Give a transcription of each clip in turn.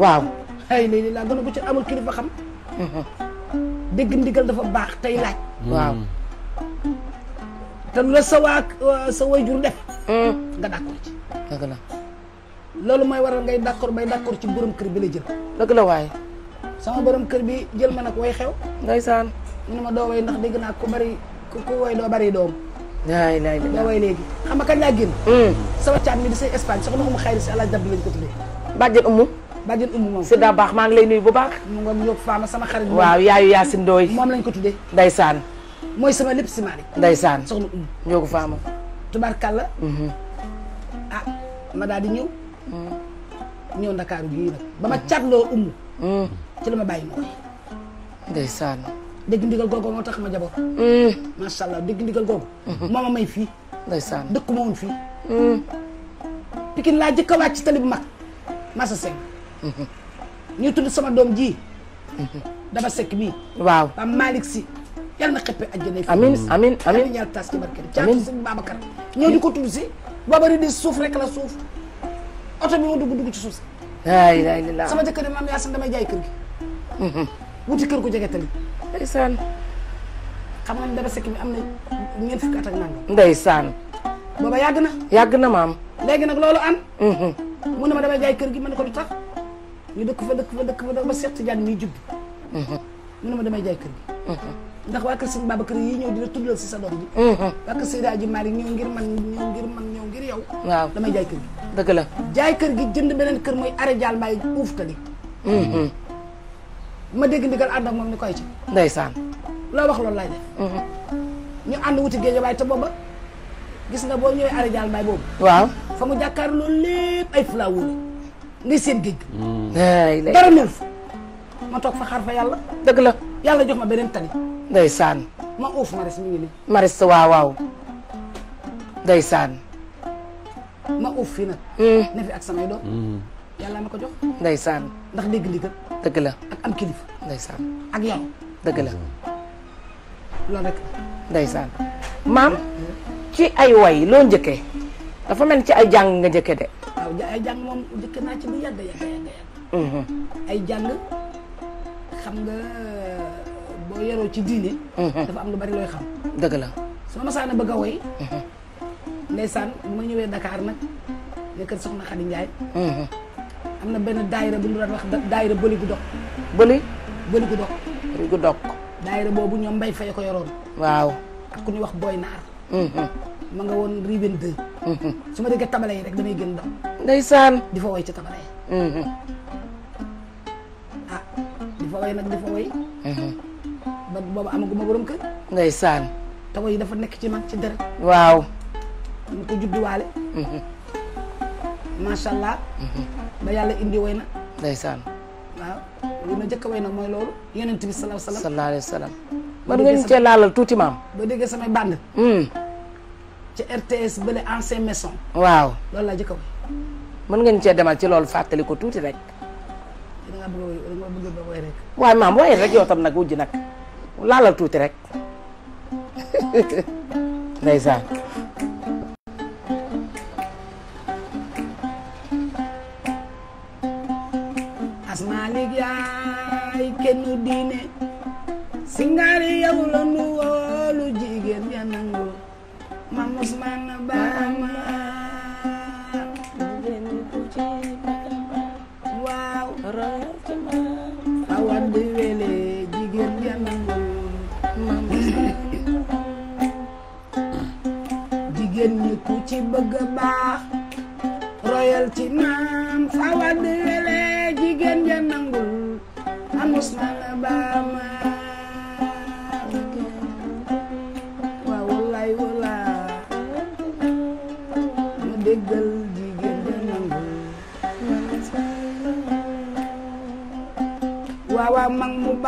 waaw ay nay laa gën a ko ci amul kilifa xam dégg ndigal dafa baax tey laaj waaw la sa waa sa wayjur def hmm. nga d'accord ci dëgg la loolu mooy waral ngay d'accord bay d'accord ci borom kër bi la jël dëgg la waaye sama borom kër bi jël ma nag way xew ndeysaan mu nu ma doo way ndax dégg naa ku bari ko way doo bari doom laay laay doo way léegi xam nga kañ laa génn hmm. sama caat mi di say Espagne soxna umu xayri si alaaj dabbi lañ ko tuddee bàjjen bàjjen umb moom baax maa ngi lay nuyu bu baax mu ngoon yóbbu faama sama xarit waaw yaayu Yacine Ndoye moom lañ ko tuddee saan mooy sama lépp si maari ndaysaan soxna umb ñoo ko faama tubaarkàlla mhm. ah ma daal di ñëw mhm. ñëw ndakaaru gii nag ba ma catloo umb mhm. ci la ma bàyyi mooy ndaysaan dégg moo tax ma jaboot macha allah dégg fii ndaysaan dëkk ma woon fii Pikine laa jëkk a wàcc tali bu mag masa seng ñu tudd sama doom ji. dama sekki bii. waaw am Malick si. yàlla na xëppee àjjana. amiin amiin amiin yàlla ñaar tas ci barke bi. amiin caatu sëñ Babacar. ñëw ko tudd si. booba di suuf rek la suuf oto bi ma dugg dugg ci suuf si. ayi la ayi la sama jëkkër ne maam Yacine damay jaay kër gi. wuti kër gu jege tamit. ndeysaan. xam nga dama sekk bi am na ñeent fukki at ak nangam. ndeysaan. booba yàgg na. yàgg na maam. léegi nag loolu am. Mhm. mu ne ma damay jaay kër gi ma ne ko du tax. ñu dëkk fa dëkk fa dëkk fa dëkk ba Cheikh Tidiane mii judd mhm. mu ne ma damay jaay kër gi mhm. ndax waa kër sëñ Babacar yi ñëw di la tuddal si sa doom ji mhm. waa kër Seydi Aji Mari ñëw ngir man ñëw ngir man ñëw ngir yow waaw damay jaay kër gi dëgg la jaay kër gi jënd beneen kër mooy arrêt Dial Mbaye uuf tali ma dégg ndigal ànd ak moom ni koy ci ndeysaan loo wax loolu laay def ñu ànd wuti géej waaye te booba gis nga boo ñëwee arrêt Dial Mbaye boobu waaw fa mu jàkkaar loolu lépp ay flawo ngay seen géej. ay hmm. lay ma toog fa yàlla. dëgg la yàlla jox ma beneen tali. ndeysaan. ma uuf waaw waaw. ndeysaan. fii nag. Hmm. ne fi ak samay doom. Hmm. yàlla ma ko jox. ndeysaan. ndax dégg ndigal. dëgg la ak am kilifa. ndeysaan ak yow. dëgg la. loolu rek. ci ay way loo njëkkee. dafa mel ci ay jàng nga njëkkee de. waaw ay jàng moom njëkk naa ci bu yàgg yàgg yàgg. Mm-hmm. ay jàll xam nga boo yaroo ci diine. Mm-hmm. dafa am lu bari looy xam. dëgg la soo ma saana bëgg a woy. Mm-hmm. ndeysaan bu ñëwee Dakar nag nekk soxna Xadi Njaay. am na benn daayira bu ñu doon wax daayira bëli gu dog. bëli. bëli gu dog. gu dog. daayira boobu ñoom mbay fay ko yoroon. waaw ak ku ñuy wax Boy Naar. ma nga woon Riben 2. su ma déggee tabale yi rek damay gën daw. ndeysaan di fa woy ci tabale mm-hmm. ah di woy nag di fa woy. Mm-hmm. ba booba amaguma dafa nekk ci man ci deret. waaw. Mm-hmm. allah. ba yàlla indi woy na. ndeysaan. waaw njëkk a woy nag mooy loolu. yonent bi salaahu salaam salaahu alayhi wa cee laalal tuuti maam. ba déggee samay bànd. Mm. ci RTS bële ancien maison. waaw loolu laa jëkk a woy. mën ngeen cee demal ci loolu fàttali ko tuuti rek. a woy a woy rek. waaye maam woy rek yow tam nag wujj nag laalal tuuti rek ndeysaan. asmaa liggéey kenn diine. singari yow la Ousmane Bama waaw awat di wele jigéen janangu mam jigéen ñi ku ci bëgg baax royal ci maam awat di wele jigéen janangul am Ousmane Bama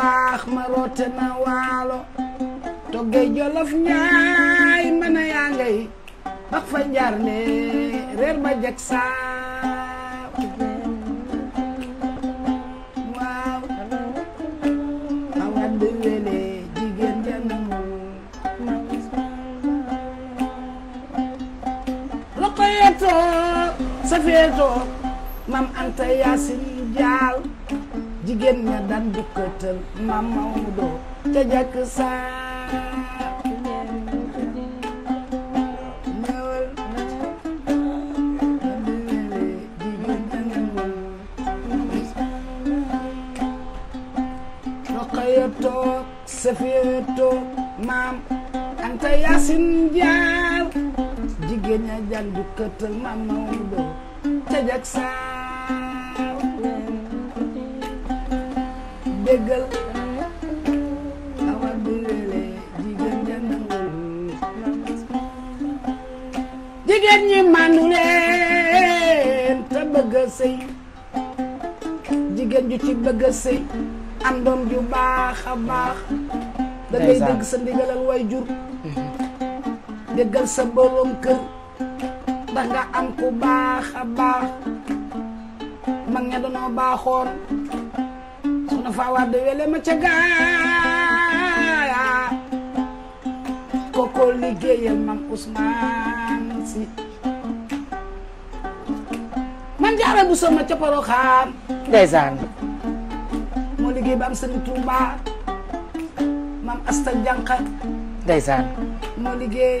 baax ma roote na waalo toggee jolof njaay mën a yaa ngay bax fa njaarle reer ba jag saaw waaw ma wadd wele jigéen janamu roqoyeetoo safeetoo mam anta yaasin jaal jigéen ña daan dikkatal maam Maodo ca jàkk maam Anta Yaasin jaar jigéen ña jàng du këtël maam Maodo ca jag saa jéggal awar bi lele jigéen janangul a ci bëgg a sëy am ju baax a baax da ngay dégg sa ndigalal way jur déggal sa borom am ku baax a baax mag ña danoo baaxoon soxna fa war de wele ma ca gaaya koko liggéeyal mam Ousmane si man jaara bu sama ca Poroxaan ndeysaan moo liggéey ba am Sëriñ Tuuba mam Asta Jànqa ndeysaan moo liggéey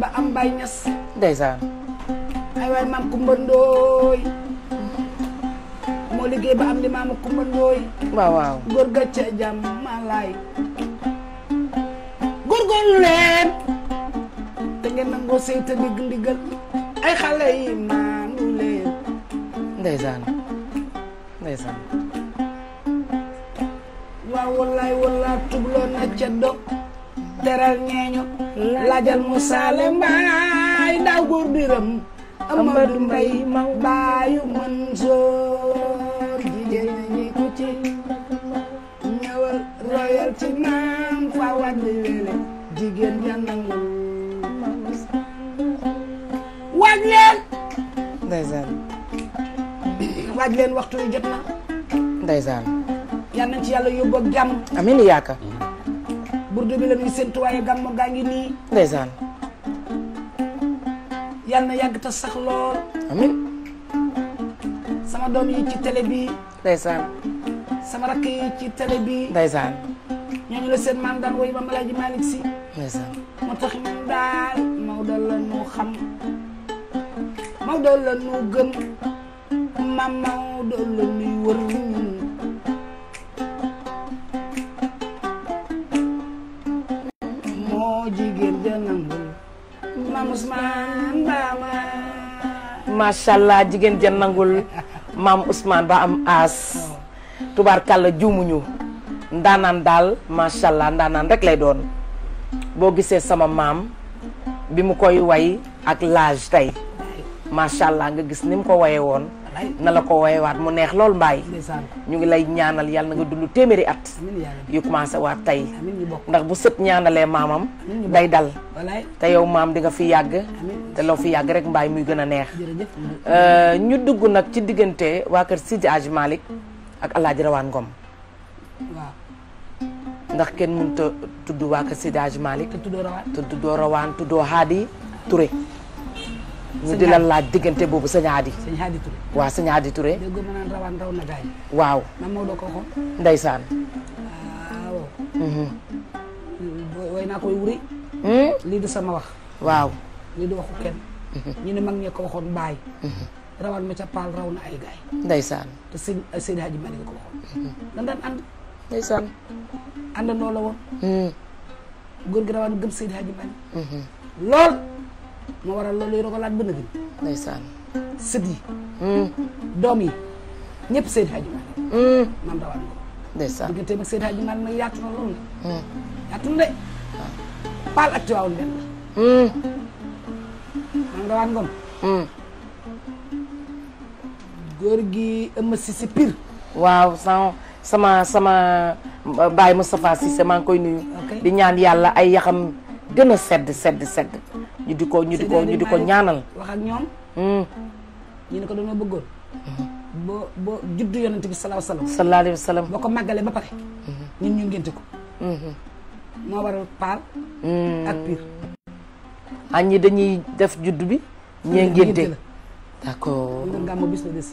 ba am Baay Ñas ndeysaan ay waay mam Kumba moo liggéey ba am li maama Kumba Ndooy waaw waaw góor gàcce jàmm leen te ngeen nangoo sëy te digg ndigal ay xale yi maanu leen ndeysaan ndeysaan waaw wallaay wallaay tubloo na ca dog teral ñeeñu laajal mu saale mbaay daaw góor biram Amadou Mbaye ma baayu mën soo leen. ndeysaan. waaj leen waxtu wi jot na. ndeysaan. yal nañ ci yàlla yóbbu ak jàmm. amiin yaaka. burdu bi la ñuy séntu waaye gàmmu gaa ngi nii. ndeysaan. yal na yàgg te sax lool. amiin. sama doom yi ci télé bi. ndeysaan. sama rakk yi ci télé bi. ndeysaan. ñooñu la seen maam daan woy ba Malaaji Malick Si. ndeysaan. moo tax ñun daal Maodo la ñu xam. Maodo la nu jigéen ja nangul maam Ousmane Ba ma macha allah jigéen ja nangul Ba am aas tubaarkàlla juumuñu ndaanaan daal macha allah ndaanaan rek lay doon boo gisee sama maam bi mu koy way ak laaj tey macha allah nga gis ni mu ko woyee woon na la ko waat mu neex lool mbaay ñu ngi lay ñaanal yàlla na nga dund téeméeri at yu commencé waat tey ndax bu sët ñaanalee maamam day dal te yow maam dinga fi yàgg te loo fi yàgg rek mbaay muy gën a neex euh, ñu dugg nag ci diggante waa kër Sidi Hadj Malick ak Alaaji Rawaan Ngom ndax kenn mënut a tudd waa kër Sidi Hadj Malick te tuddoo Rawaan tuddoo Haadi Touré ñu di la laaj diggante boobu sëñ Hadi. sëñ Hadi Touré waaw sëñ Hadi Touré. dégg ma naan rawaan raw na gaañ. waaw man Maodo ko waxoon. ndeysaan. waaw. Mhm. way hmm? lii du sama wax. waaw lii du waxu kenn. Mhm. ñu ne mag ñee ko waxoon baay. Mhm. rawaan ma ca paal raw na ay gaay. ndeysaan te sëñ sëñ Hadi ko waxoon. dañ daan ànd. ndeysaan. àndandoo la woon. Hmm. góor gi rawaan gëm sëñ Hadi lool. moo waral loolu yoroo ko laaj ba nëgën. ndeysaan. sët yi. Hmm. doom yi ñëpp Seydi Hadji Malick. Hmm. maam rawat ko. ndeysaan digganteem hmm. de. waaw ah. Paal ak Tiwaawoon benn góor gi ëmb si si waaw sama sama sama Baye Moustapha Cissé koy nuyu. di ñaan yàlla ay yaxam. gën a sedd sedd sedd ñu di ko ñu di ko ñaanal wax ak ñoom hmm. ñu ne ko dañoo bëggoon boo boo juddu yonent bi salaaw salaam sallallahu alayhi wa sallam boo ko màggalee ba pare hmm. ñun ñu ngénte ko hmm. moo waral paal ñi dañuy def juddu bi ñee ngénte d'accord des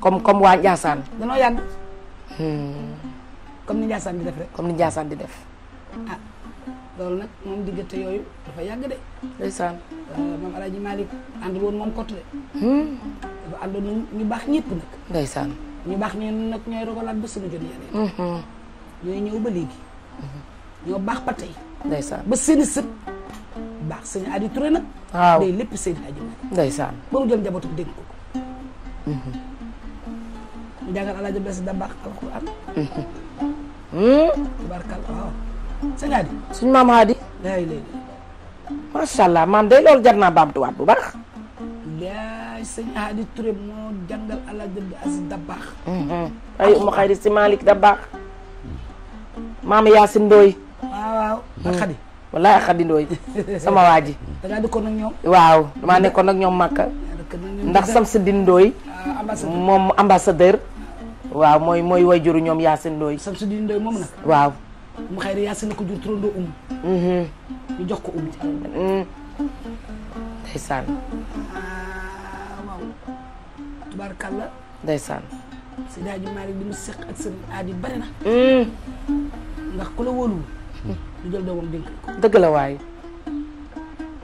comme comme waa Ndiassane danoo yàgg comme ni Ndiassane di def rek comme ni Ndiassane di def ah. loolu nag moom diggante yooyu dafa yàgg de. ndeysaan. Euh, moom El Hadj Malick àndul woon moom kottu de. Hmm. dafa àndoon ñu ñu baax ñëpp nag. ndeysaan. ñu baax ñun nag ñooy rogalaat ba suñu jot yeneen. Hmm. ñooy ñëw ba léegi. ñoo baax ba tey. ndeysaan ba seen i sët. baax sëñ Adi Touré nag. waaw day lépp seen i aju. ndeysaan ba mu jël njabootu dégg ko. mu hmm. jàngal El Hadj Bes da baax alxuraan. tubaarkàlla waaw. sëñ Hady. suñ maam Hady. laay léegi. macha maam day loolu jar naa baamtuwaat bu baax. laay baax. Mhm. ay Umu Xayri si Malick da maam Yacine Ndoye. waaw waaw. Xadi. Mhm. walaay sama waa ji. da ngaa dëkkoon ak ñoom. waaw damaa nekkoon ak ñoom Màkka. ndax Samsidine Ndoye. Ah, moom ambassadeur. waaw mooy mooy wayjuru ñoom Yacine Ndoye. waaw. mu xay di yaasin na ko um mhm. ñu jox ko um ci mhm. alal ndeysaan ah, waaw tubaarkàlla ndeysaan si daa ji Maalik mu seq ak seen aad na mhm. ndax ku la wóoluwul du jël doomam dénk ko dëgg la waaye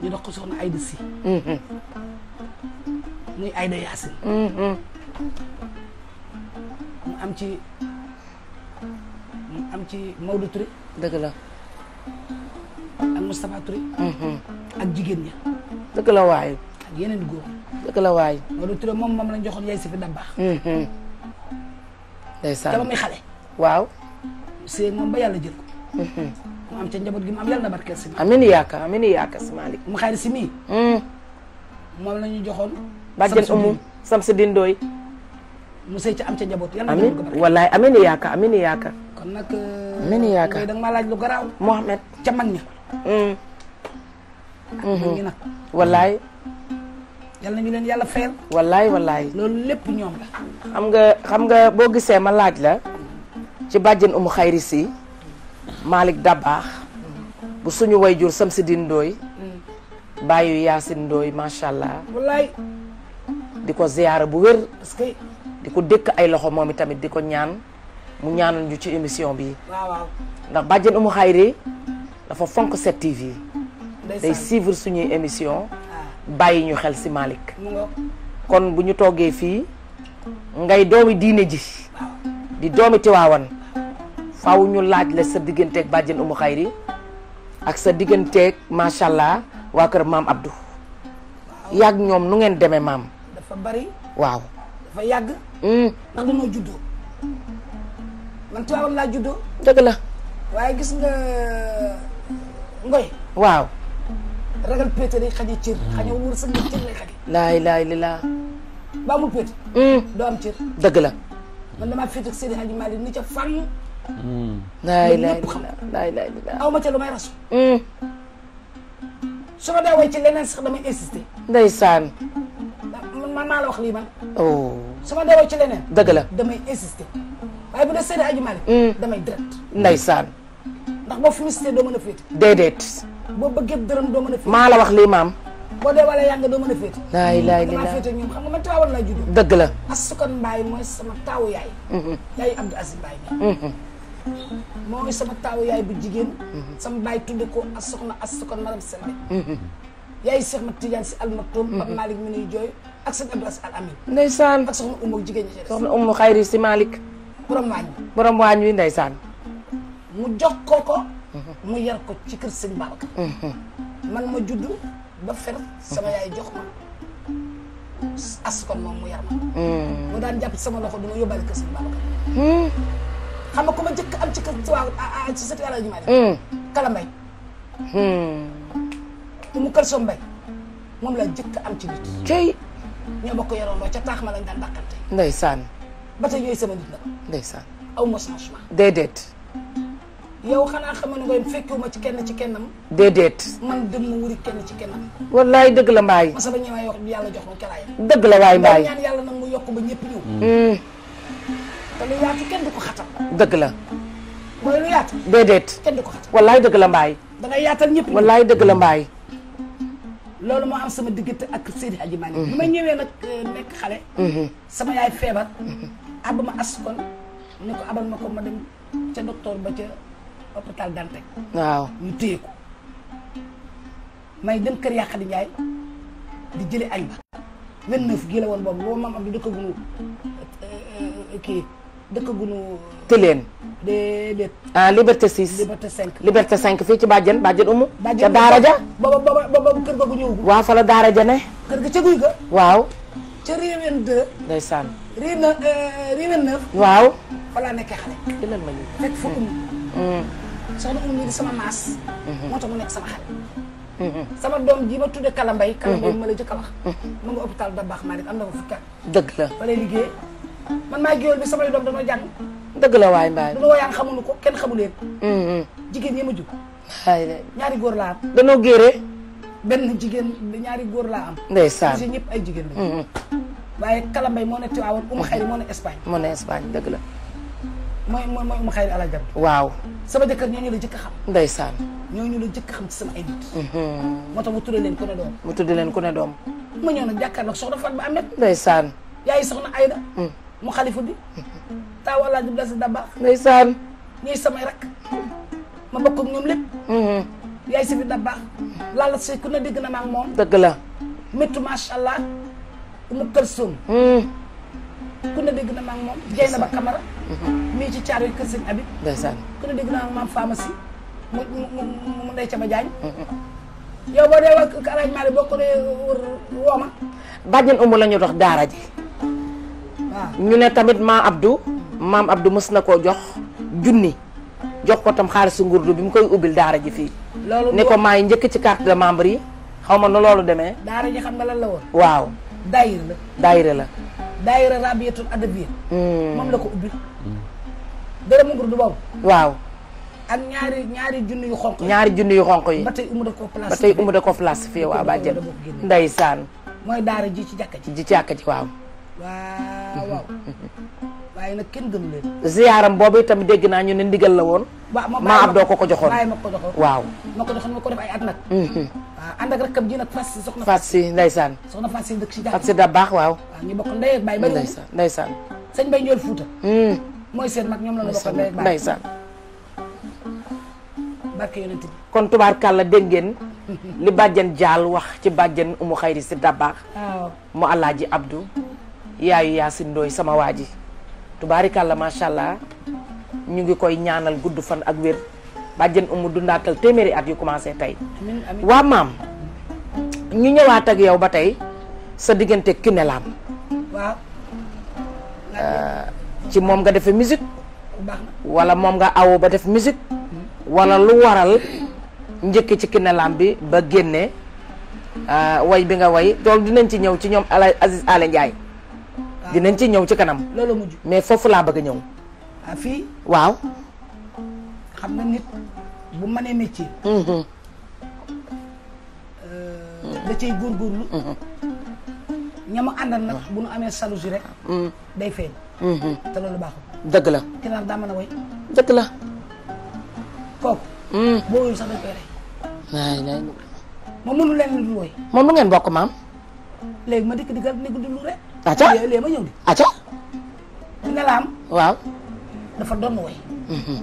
ñu dox ko muy Ayda Yaasin mu am ci am ci Maodo Touré. dëgg la. ak Moustapha mhm. ak jigéen ña. dëgg la waay. ak yeneen góor. dëgg la waay. Maodo Touré moom moom lañ joxoon yaay si fi dabbaax. Mhm. ndeysaan dama muy xale. waaw. sëy moom ba yàlla jël ko. Mhm. am ca njaboot gi mu am yàlla na barkeel si. amiin yaaka amiin yaaka si Malick. mu xaar si mii. moom la ñu joxoon. bàjjen umu Samsidine Ndoye. mu sëy ci am ca njaboot yàlla na ko barkeel. amiin wallaay amiin yaaka amiin yaaka. kon nag. Ah, mini yaakaar da laaj lu garaaw. Mouhamed ca mag ña. Hmm. ñu hmm. wallaay. yal na ñu leen yàlla fayal. wallaay wallaay. loolu lépp ñoom la. xam nga xam nga boo gisee ma laaj la. ci bàjjen umu xayri si. Malick Dabaax. bu suñu way wayjur Samsidine Ndoye. Hmm. bàyyi Yacine Ndoye macha allah. wallaay. di ko ziyaara bu wér. que di ko dëkk ay loxo moom itamit di ko ñaan. mu ñaanal ñu ci émission bi waaw ndax bàjjen umu xayri dafa fonk 7TV day suivre suñuy émission ah. bàyyi ñu xel si Malick kon bu ñu toogee fii ngay doomi diine ji di doomi Tiwaawan faw ñu laaj la sa digganteek bàjjen umu xayri ak sa digganteeg macha allah waa kër maam Abdou yàgg ñoom nu ngeen demee maam dafa bari waaw yàgg hmm. ndax dañoo man Tiwaawan laa juddoo. dëgg la. waaye gis nga euh, ngoy waaw. ragal péete day xaje cër. Mm. xaje wóor sax nga cër lay xaje. laay laay li laa. ba amul péete. Mm. doo am cër. dëgg la. man damaa féete ak Seydi Hadji Malick ca fànn. Mm. lu may rasu. su ma deewee ci leneen sax damay insister. ndeysaan. man maa la wax lii man. Oh. ci leneen. dëgg damay insister. waaye bu dee Seydi Aji Malick mm. damay direct ndax boo fumister doo mën a féete déedéet boo bëggee dërëm doo mën a féete maa la wax lii maam boo dee wala yàgg doo mën a féete laay laay li laa féete ñoom la asukan mbaay mm-hmm. mm-hmm. mooy sama taawu yaay bu jigéen mm-hmm. sama baay tudde ko asukna asukan madame Sembe yaay Cheikh Mat Tidiane si almaktoum Pape Malick mi nuy jooy ak sëñ Abdou Aziz Al Amin ndeysaan soxna Umu jigéen si Malick borom waañ wi. borom waañ mu jox ko ko. Mhm. mu yar ko ci kër sëñ Babacar. Mhm. man ma judd ba fer sama yaay jox ma as kon mu yar ma. Mhm. mu daan jàpp sama loxo du ma yóbbaale kër sëñ Babacar. Hmm. xam nga ku ma ci kër ci waaw ci sëti mu la njëkk am ci nit. tey. ñoo bokk yaroon loo ca taax ma lañ daan dàqante. ndeysaan. ba tey yooyu sama nit la. ndeysaan aw ma changement. déedéet. yow xanaa xam ne nga fekkuma ci kenn ci kennam. déedéet. man dem ma wuri kenn ci kennam. wallaay dëgg la mbaay. masa ba ñëwaay wax yàlla jox ma kalaay. dëgg la waay mbaay ñaan yàlla nag mu yokk ba ñëpp ñëw. Mm. te lu yaatu kenn du ko xatal. dëgg la. mooy lu yaatu. déedéet kenn du ko xatal. wallaay dëgg la mbaay. da ngay yaatal ñëpp. wallaay dëgg la mbaay. loolu moo am sama diggante ak Seydi Hadji Malick. Mm-hmm. bi ma ñëwee nag euh, nekk xale. Mm-hmm. sama yaay feebar. Mm-hmm. ab ma as ni ko abal ma ko ma dem ca docteur ba ca hôpital Dantec. waaw ñu téye ko. may dem kër Yaxadi Njaay di jëli añ ba. 29 la woon boobu boobu maam am di dëkk gunu euh, euh, kii dëkk gunu. Tëleen. déedéet. ah Liberté 6. Liberté fii ci Badiane Badiane Umu. Badiane ca Daara ja. booba booba booba kër gu ñëw. waaw fa la Daara ne. kër ga ca guy ga. waaw. ca Réewén 2. ndeysaan. Réewén Réewén 9. waaw. fa laa nekkee xale. jëlal ma ñu. fekk fa um. soxna um di sama maas. Mm-hmm. moo tax mu nekk sama xale. Mm-hmm. sama doom ji ma tudde Kala Mbaye. Kala Mbaye mm-hmm. ma la jëkk a wax. mu nga hôpital da baax maa nit am na fa fukki at. dëgg la ba lay liggéey man maa géwél ko kenn xamu leen. jigéen ñi ma jug. ñaari góor laa am. danoo géeree. benn jigéen ñaari góor laa am. ndeysaan si ñëpp ay jigéen lañu. Mm-hmm. waaye kala moo ne Tiwaawan Umu Xayri moo ne Espagne. dëgg la. mooy mooy mooy Umu Xayri alal jabbi. waaw sama jëkkër ñooñu la jëkk xam. ndeysaan ñooñu la jëkk xam ci sama ay nit. Mm-hmm. moo tax mu tudd leen ku ne doom. mu tudd leen ku ne doom. ma ñëw nag jàkkaarloog soxna Fatou yaay soxna Ayda. Mm. mu xalifu bi. taaw Alaaji Blaise Dabakh. ndeysaan ñuy samay rak ma bokk ak ñoom lépp. Mm-hmm. yaay si fi da baax Lalla Seye ku ne dégg na ma moom. dëgg la. méttu macha allah mu kër hmm. ku ne dégg na ma moom. jey na ba kamara. Hmm. mii ci caaro yi kër sëñ Habib. ndeysaan ku ne dégg na maam pharmacie mu mu mu mu Ndeye Caba Diagne. Hmm, yow boo dee wax Kalaaj Malick dox daara ji. waaw ñu ne tamit maam Abdou. maam Abdou mës na koo jox junni. jox ko tam xaalisu ngurdu bi mu koy ubbil daara ji fii. loolu ne ko maay njëkk ci carte de membre yi xaw ma nu loolu demee. daara ji xam nga lan la woon. waaw. daayira la. daayira la. daayira rabiyatul adabiyya. Hmm. moom la ko ubbil. dërëmu ngurdu boobu. ak ñaari ñaari junni yu xonq ñaari junni yu xonq yi. ba tey umu da koo place. ba tey mooy daara ji ci jàkka ji. ji ci jàkka ji waaw. waaw waaye nag kenn gënu leen. ziyaaram boobu itam dégg naa ñu ne ndigal la woon. maa ab doo ko ko joxoon ko joxoon waaw ma ko ma ko def ay at nag waaw mhm. ah, ànd ak si soxna fas si ndeysaan soxna fas si dëkk si fas si da baax waaw waaw ah, ñu bokk ndey ak baay bari ndeysaan ndeysaan sëñ mhm. mooy seen mag ñoom la ñu bokk ndey ak baay ndeysaan barke li bàjjen jaal wax ci bàjjen umu xayri si dabaax mu alaaji Abdou yaayu Yaasin Ndooy sama waa ji tubaarikàlla macha allah ñu ngi koy ñaanal gudd fan ak wér bàjjen umu dundaatal téeméeri at yu commencé tey waa maam ñu ñëwaat ak yow ba tey sa diggante Kiné euh, ci moom nga defe musique wala moom nga awo ba def musique wala lu waral njëkk ci Kiné bi ba génne euh, way bi nga way tool dinañ ci ñëw ci ñoom Aziz Ale Ndiaye dinañ ci ñëw ci kanam loolu mujj mais foofu laa bëgg a ñëw fii waaw xam nga nit bu mënee métier mm-hmm. euh, da cay góorgóorlu mm-hmm. ñama àndal nag mm-hmm. bu nu amee salusi rek day feeñ te loolu baaxul dëgg la ginaar daa mën a way dëgg la kooku mm. boo woyul sax dañ koy rey waay lay moom mënu leen lu dul woy moom lu ngeen bokk maam léegi ma dikk di gar di nekk di lu rek acca léegi ma ñëw di acca nelaam waaw dafa doon woy mm-hmm.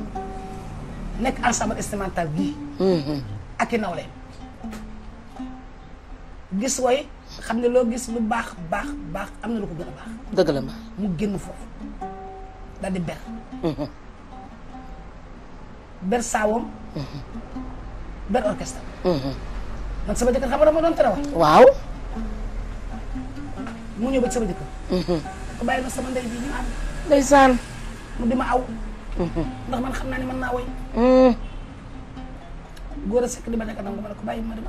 nekk ensemble instrumental bii mm-hmm. ak i nawle gis woy xam ne loo gis lu baax baax baax am na lu ko gën a baax dëgg la ma mu génn foofu daal ber mm-hmm. ber saawam ber orchestre man sama jëkkër xam nga dama doon terewa waaw mu ñëw ba sama jëkkër ko bàyyi na sama ndey bi ñu am ndeysaan mu dima aw. ndax man xam naa ne mën naa woy. Mm. a sekk di ma nekk nangu ma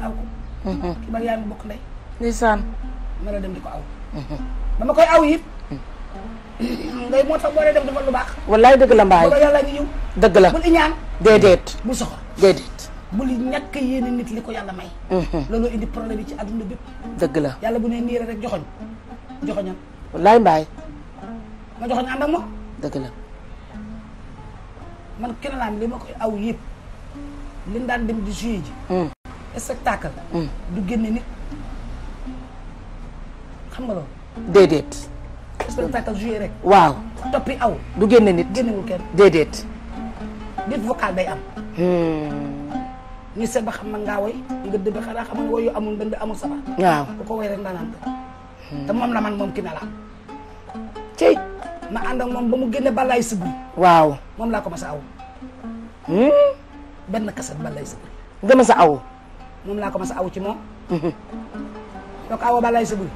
aw ko. Mm-hmm. ki bari yaa ngi bokk ndey. ndeysaan. ma la dem di ko aw. dama mm-hmm. koy aw it. Mm-hmm. ngay moo tax boo dee dem defal lu baax. wallaay dëgg la mbaay booba yàlla dëgg la bul iñaan. déedéet bul soxor déedéet. bul ñàkk yéene nit li ko yàlla may. looloo indi problème yi ci adduna bépp. dëgg la yàlla bu ne niire rek joxoñ joxoñam. wallaay mbaay. ma joxoñ ànd ak moom. man Kéréname li ma koy aw yëpp li daan dem di jouer ji. Hmm. spectacle. Hmm. du génne xam nga loolu. déedéet. spectacle jouer rek. waaw toppi aw. du génne nit génnewul kenn. déedéet. nit vocal day am. Hmm. ñu seet ba xam na ngaa woy nga dëgg xanaa xam nga woy yu amul benn amul sabar. waaw ku ko woy rek ndaanaan te moom la man moom ki na ma ànd moom ba mu génne balaay sibli waaw moom laa ko ma sa aw hmm? benn kaset balaay sibli nga ma sa aw moom laa ko ma sa aw ci moom hmm. doo ko awa balaay sibli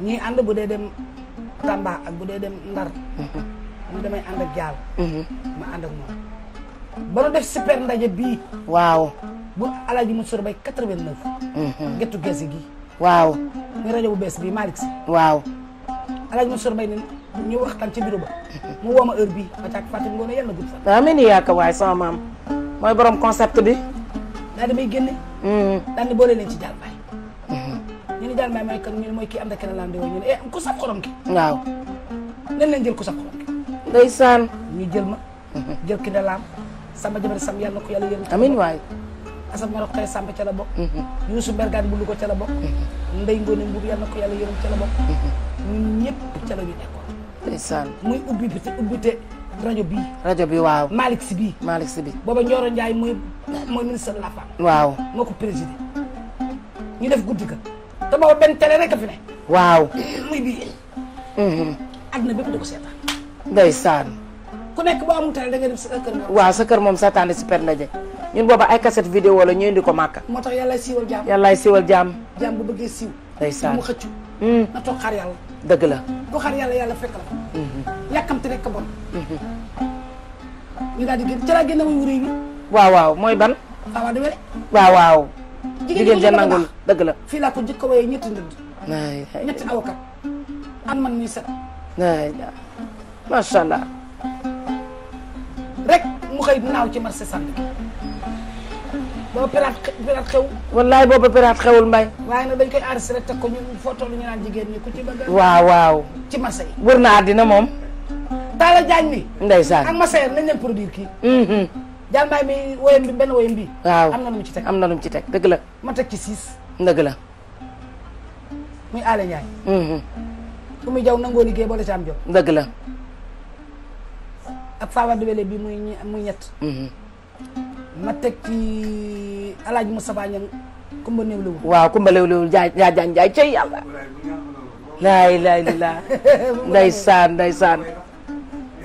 ñii ànd bu dee dem Tamba ak bu dee dem Ndar mu hmm. damay ànd jaal ma ànd moom ba nu def super ndaje bii waaw bu alaaji mu sor bay quatre-vingt-neuf gettu geese gi waaw muy rajo bu bees bii Malick si waaw alaaj Mansour Mbaye nen ñu waxtaan ci bureau ba mu wooma heure bii ma càkk fàtte ngoone yàlla gudd fa amiin yaaka waaye sama maam mooy borom concept bi daal di may génne hmm. daal ni boole leen ci jàll baay ñu ni jàll mooy kan ñu mooy kii am da keneen laan di woo ñu ne eh ku sab xorom ki waaw nen leen jël ku sab xorom ki ndeysaan ñu jël ma jël ki da laam sama jabar sam yàlla na ko yàlla yërëm amiin waay Assane Marok Tay Samb ca la bokk. Mhm. Youssou Mbergane bu Louga ca la bokk. Mhm. Ndeye yal na ko yàlla yërëm ca la bokk. Mhm. ñun ñëpp ca la muy ubbi bi rajo bi rajo bi waaw. Malick Sy bii. Malick Sy bii. booba Nioro Ndiaye mooy mooy ministre de la femme. waaw moo ko présidé. ñu def guddi ka te booba benn télé rek fi ne. waaw muy bii. àdduna bépp da ko seetaan. ndeysaan. ku nekk boo amul télé da nga dem sa kër. waaw sa kër moom seetaan na si per ndaje. ñun booba ay cassette vidéo la ñu indi ko màkka moo tax yàllaay siiwal jaam yàllaay siiwal jaam jaam bu bëggee siiw hmm. la boo xaar yàlla yàlla fekk hmm. bon hmm. ñu daal génn ca laa génn mooy wuréy bi waaw waaw mooy ban waaw waaw jigéen ja dëgg la fii laa ko jëkk ko ñetti ndënd ñetti avocat an man muy set aa rek mu xëy naaw ci marché sànni booba piraat xew wallaay booba piraat xewul mbay waaye nag dañ koy enregistré rek teg ko ñun foo toll ñu naan jigéen ñi ku ci bëgg waaw waaw ci masa yi wër na àddina moom Talla Diagne mi ndeysaan ak masa yi nañ leen produire kii mm-hmm. Dial Mbaye mi woyam bi benn waaw am na lu ci teg am na lu ci teg dëgg la ma teg ci siis dëgg la muy Aale Ndiaye su mm-hmm. muy jaw nangoo liggéey boole ci am jot dëgg la ak Fawa Dubele bi muy ñett mm-hmm. ma teg ci El Hadj Moustapha Niang Kumba Néewlewul. waaw Kumba Néewlewul jaa jaa jaa njaay cay yàlla. laa ilaaha illallaah. ndeysaan ndeysaan.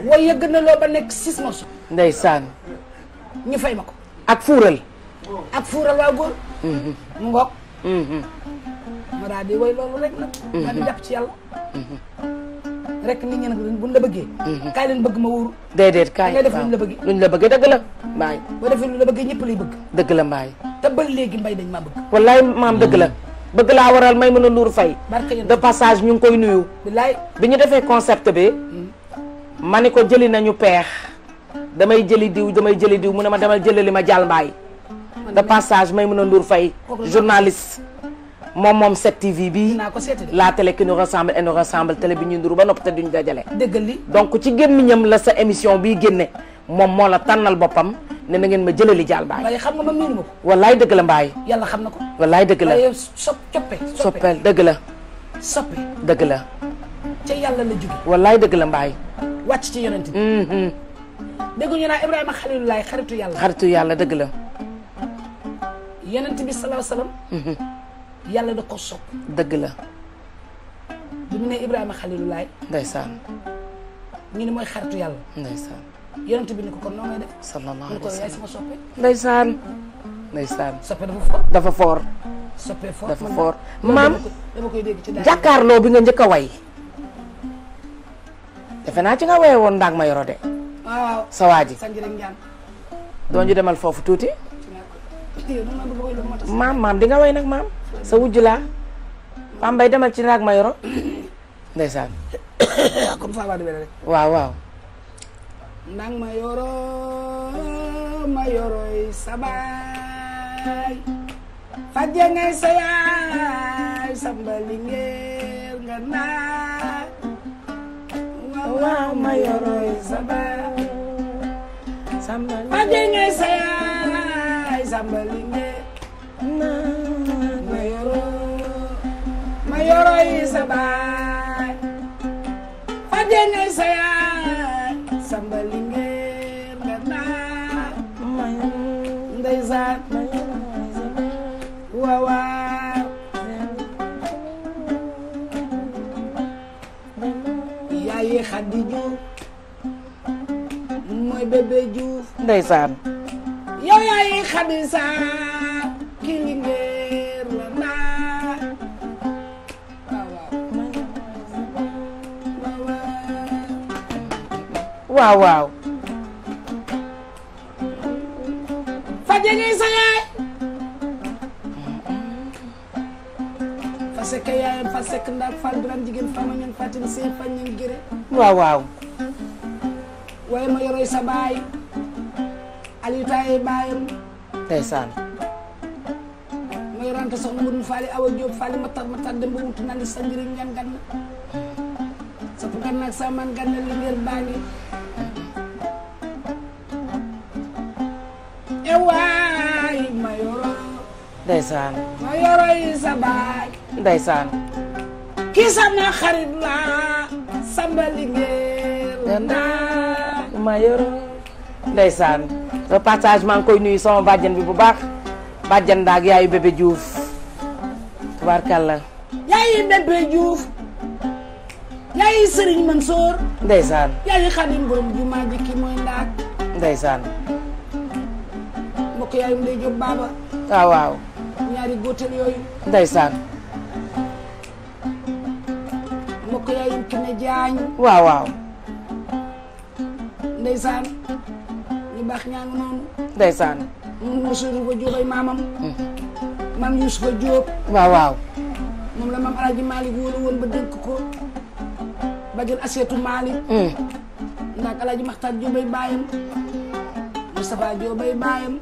way yëgg na loo ba nekk six morceaux. ndeysaan. ñu fay ma ko. ak fuural. ak fuural waa góor. Mhm. mu mhm. ma daal di loolu rek nag. ma mhm. ci yàlla. rek nit ñi la bëggee mhm. kaay leen bëgg ma wóoru déedéet kaay ngay def luñ la bëggee luñ la la mbaay boo defee la bëggee ñëpp lay bëgg dëgg la mbaay te ba léegi mbay dañ maa bëgg wallaay maam dëgg la mhm. bëgg laa waral may mën a nuur fay de passage ñu ngi koy nuyu bilaay bi ñu defee concept bi mhm. ma ni ko jëli ñu peex damay jëli diw damay jëli diw mu ne ma demal li ma jàll mbaay de passage may mën a nuur fay journaliste moom moom 7TV bi laa télé qui nous ressemble et nous ressemble télé bi ñu nduru ba noppi te duñu dajale dëgg li donc ci gémmiñam la sa émission bii génne moom moo la tànnal boppam ne na ngeen ma jëlali jaal mbaay waaye xam nga ma miin ma ko wallaay dëgg la mbaay yàlla xam na ko wallaay dëgg la so coppe soppeel dëgg la soppe dëgg la ca yàlla la jóge wallaay dëgg la mbaay wàcc ci yonent bi mm-hmm. dégg ñu naa Ibrahima Xalilulaay xaritu yàlla xaritu yàlla dëgg la yonent bi salaaw salaam mm-hmm. yàlla da ko sopp dëgg la bi mu ne Ibrahima Xalilulaay ndeysaan ñu ne mooy xaritu yàlla ndeysaan bi ni ko kon noo ngay def sallallahu alayhi wa sallam bi nga njëkk a way defe naa ci nga waye woon ndaag ma yoro de waaw doo ñu demal foofu tuuti maam maam di nga way nag maam sa wujj laa maam bay demal ci naag ma yoro ndeysaan comme ça va demee rek waaw waaw ma yoro ma yoroy sabaay fajje ngay sa yaay sambali ngeer nga naa waaw ma yoroy sabaay sambali fajje ngay sa yaay sambalinge na ma ma yoro yi sa baay fa dene sa yaay sambalinge ma naa ma yoro ndeysaan ma yoro waawaaw yaayi xaddi juuf mooy bébé juuf ndeysaan yow yaay xabisa ki lingeer la naa waaw waaw fa ñuy sa yaay parce que yaayam parce que biram jigéen fama ñen fatin seen fañ ñen gire waaw waaw waaye ma yoroy sa baay Aliou Taye baayam. ndeysaan. muy ranta soxna Mourou Fally Awa Diop Fally Matar Matar dem ba wut naan di sa njëriñ ngan gan. sa pugan nag sa man gan la li ngeen bànni. ewaay ma yoro. ndeysaan. ma yoro yi sa baay. ndeysaan. kii sama xarit la samba liggéey. ndaa ma yoro ndeysaan. repassage euh, maa ngi koy nuyu sama bàjjan bi bu baax bàjjan daag yaayu bébé Diouf tubaarkàlla. yaayu bébé Diouf yaayu Serigne Mansour. ndeysaan yaayu Xadim borom jumaa ji kii mooy ndaag. ndeysaan. mbokk yaayu Ndeye Diop Baba. waaw ah, waaw. ñaari góotel yooyu. ndeysaan. mbokk yaayu Kine Diagne. waaw waaw. ndeysaan. ñu baax ñaa ngi noonu. ndeysaan. moom monsieur Rouba maamam. Mm-hmm. maam Youssoufa Diop. waaw waaw. moom la maam Alaaji Malick wóolu woon ba dëkk ko ba jël aseetu Malick. Mm-hmm. ndax Alaaji Maxtaar Diop ay baayam. Moustapha Diop ay baayam.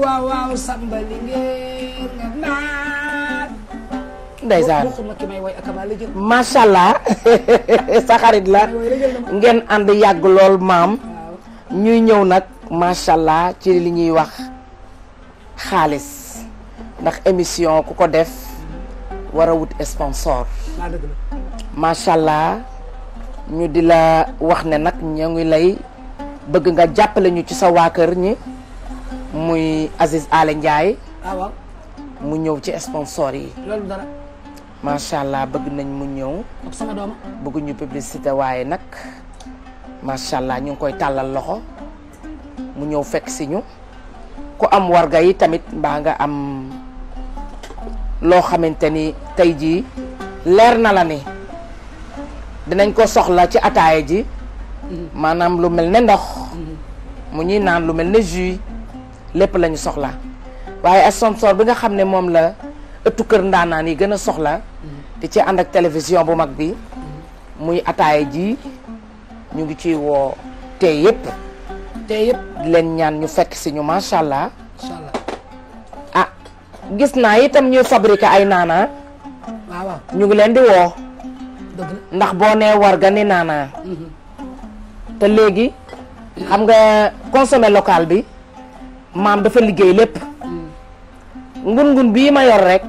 waaw waaw Samba Linguère nga naa. ndeysaan macha allah sa xarit la ngeen ànd yàgg lool maam ñuy ñëw nag macha allah ci li ñuy wax xaalis ndax émission ku ko def war a wut sponsor ah, macha allah ñu di la wax ne nag ñu ngi lay bëgg nga jàppale ñu ci sa waa kër ñi muy Aziz Ale Ndiaye ah, mu ñëw ci sponsor yi macha allah bëgg nañ mu ñëw. ak bëgguñu publicité waaye nag macha allah ñu ngi koy tàllal loxo mu ñëw fekk si ñu ku am warga yi tamit mbaa nga am loo xamante ni tey jii leer na la ni dinañ ko soxla ci ataaya ji maanaam lu mel ne ndox mu ñuy naan lu mel ne jui lépp lañu soxla waaye sponsor bi nga xam ne moom la ëtt kër ndaanaan yi gën a soxla di ci ànd ak télévision bu mag bi muy ataaya ji ñu ngi ci woo tey yëpp tey yëpp leen ñaan ñu fekk si ñu macha allah. macha ah, gis naa itam ñuy fabriqué ay naana ñu ngi leen di woo ndax boo nee warga ni naana mhm. te léegi xam nga consommé local bi maam dafa liggéey lépp mhm. ngun ngun bii ma yor rek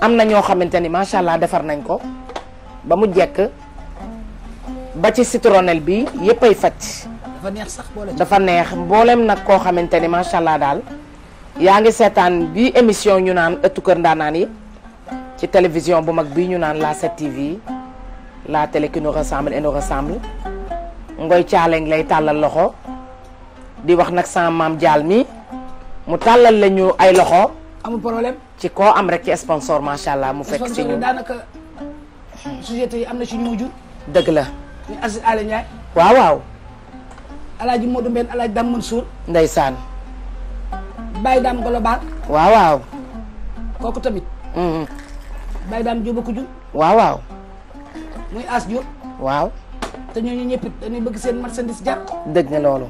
am na ñoo xamante ni macha allah defar nañ ko ba mu jekk ba ci citronnelle bi yëpp ay faj. dafa neex dafa neex mboolem nag koo xamante ni macha allah daal yaa ngi seetaan bi émission ñu naan ëttu kër ndaanaan yi ci télévision bu mag bii ñu naan la 7TV laa télé qui nous ressemble et nous ngoy caaleñ lay tàllal loxo di wax nag sama maam jaal mi mu tàllal lañu ay loxo. amul problème. ci koo am rek ci sponsor macha allah mu fekk si ñun daanaka société yi am na ci ñu mu jur. dëgg la. ñu Aziz Aly Ndiaye. waaw waaw. El Hadj Modou Mbène El Hadj Dame Mansour. ndeysaan. Baye Dame Global. waaw waaw. kooku tamit. Mm-hmm. Baye Dame Diop ko jur. waaw waaw. muy As Diop. waaw. te ñooñu ñëpp it dañuy bëgg seen marchandise jar. dëgg nga loolu.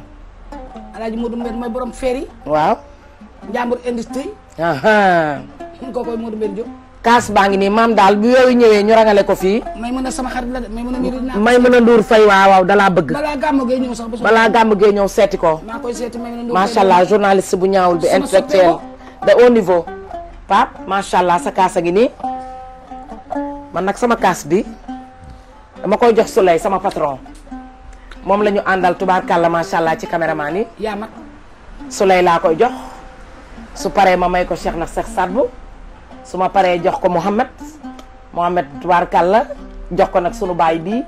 El Hadj Modou Mbène mooy borom feer yi. waaw. Njàmbur industrie. koo koy kaas baa ngi nii maam daal bu yooyu ñëwee ñu rangale ko fii may mën a sama xarit la a nir may mën nduur fay waaw waaw dalaa bëgg balaa gàmm gee ñëw sax balaa gàmm gee ñëw seeti ko maa koy seeti may mën a allah journaliste bu ñaawul bi intellectuel de haut niveau Pape macha allah sa kaas a ngi nii man nag sama kaas bi dama koy jox Souley sama patron moom la ñu àndal tubaarkàlla macha allah ci caméraman yi yaa mag laa koy jox su paree ma may ko Cheikh na Cheikh Sadbu su ma paree jox ko Mouhamed Mouhamed tubaarkàlla jox ko nag sunu baay bi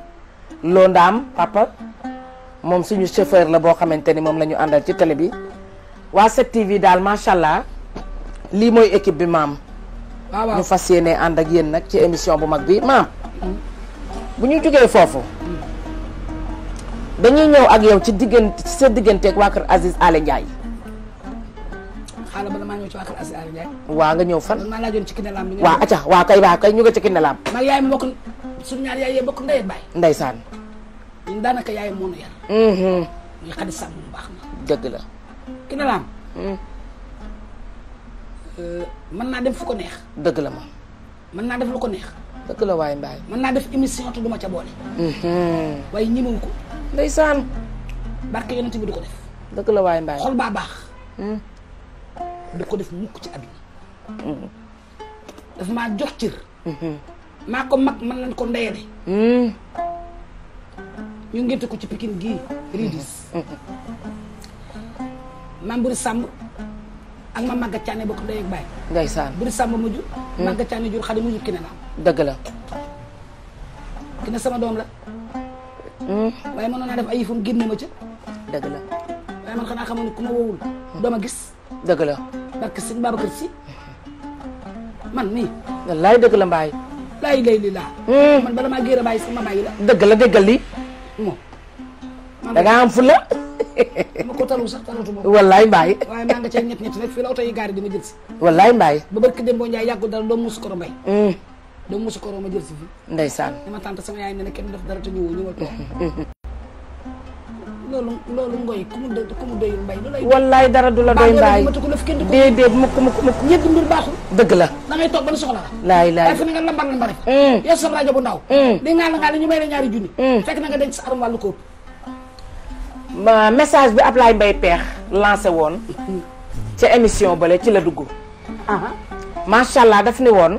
loo ndaam papa moom suñu chauffeur la boo xamante ni moom la ñu àndal ci télé bi waa 7TV daal macha allah lii mooy équipe bi maam. Ah, waaw ñu fas yéene ànd ak yéen nag ci émission bu mag bi maam. bu ñu jógee foofu. dañuy ñëw ak yow ci diggante ci sa digganteek waa kër Aziz Ale Ndiaye. Alla bala maa ñëw ci waa kër Asi Alla Ndiaye. waaw nga ñëw fan. maa laajoon ci Kiné Lam bi. waaw acca waaw kay waaw kay ñu nga ci Kiné Lam. yaay ma bokk suñu ñaar yaay yee bokk ndey ak baay. ndeysaan. ñun daanaka yaay moo nu yar. Mm-hmm. muy xadis na. dëgg la. Mm. Euh, mën naa def fu ko neex. dëgg la ma mën naa def lu ko neex. dëgg la waaye Mbaye. mën naa def émission te du ca boole. Mm-hmm. waaye ñimewu ko. ndeysaan. barke yonent bi du ko def. dëgg la waaye Mbaye. xol baa baax. Mm. du ko def mukk ci àdduna daf maa jox cër maa ko mag man lañ ko ndeyale ñu ngénte ko ci Pikine gii ridis maam Buri Sàmb ak ma Maga Caane bokk ndey ak baay ndeysaan Buri Sàmb mu jur hmm. Maga Caane jur xale mu jur Kiné Lam dëgg la Kiné sama doom la hmm. waaye mënoon naa def ay yëfam génne ma ca dëgg waaye man xanaa xamoon ne ku ma wowul hmm. gis dëgg barke sëñ Babacar Si man mii. wallaay dëgg la mbaay. laay lay li laa. Hmm. man bala maa géer a sama bàyyi la. dëgg la dëggal li moom. da ngaa am fula. ma ko talu sax mbaay. waaye maa nga cay ñett ñett rek fii la oto yi gaari di ma jël si. wallaay mbaay. ba barke Demba Ndiaye yàggul dara doomu musu koro mbay. Hmm. doomu musu koro ma jël si fii. ndeysaan. dama tànt sama yaay ne ne kenn def dara te ñëwoo ñëwal toog. loolu loolu ngoy ku mu doy wallaay dara du la doy mbaay déedéet mukk mukk mukk ñett mbir baaxul. dëgg la da ngay toog ban soxla la. laay laay fekk na nga lambar lambar mm. bu ndaw. Mm. di ngaa ñu may ñaari junni. Mm. fekk na nga denc sa aram message bi ab Ablaye Mbaye Peex lancé woon ca émission bale ci la dugg. macha daf ni woon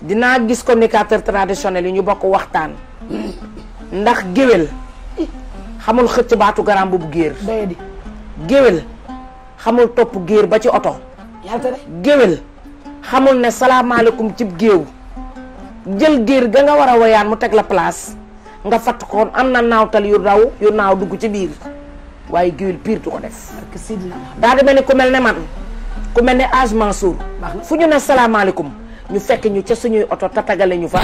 dinaa gis communicateur traditionnel yi ñu bokk waxtaan. ndax géwél. xamul xëcc baatu garaam bu bu géer doyadi géwél xamul topp géer ba ci oto géwél xamul ne salaamaaleykum cib géew jël géer ga nga war a woyaan mu teg la place nga fatt koon am na naawtal yu raw yu naaw dugg ci biir waaye géwél pire du ko def daa mel ni ku mel ne man ku mel ne age Mansour fu ñu ne salaamaaleykum ñu fekk ñu ca suñuy oto tatagale ñu fa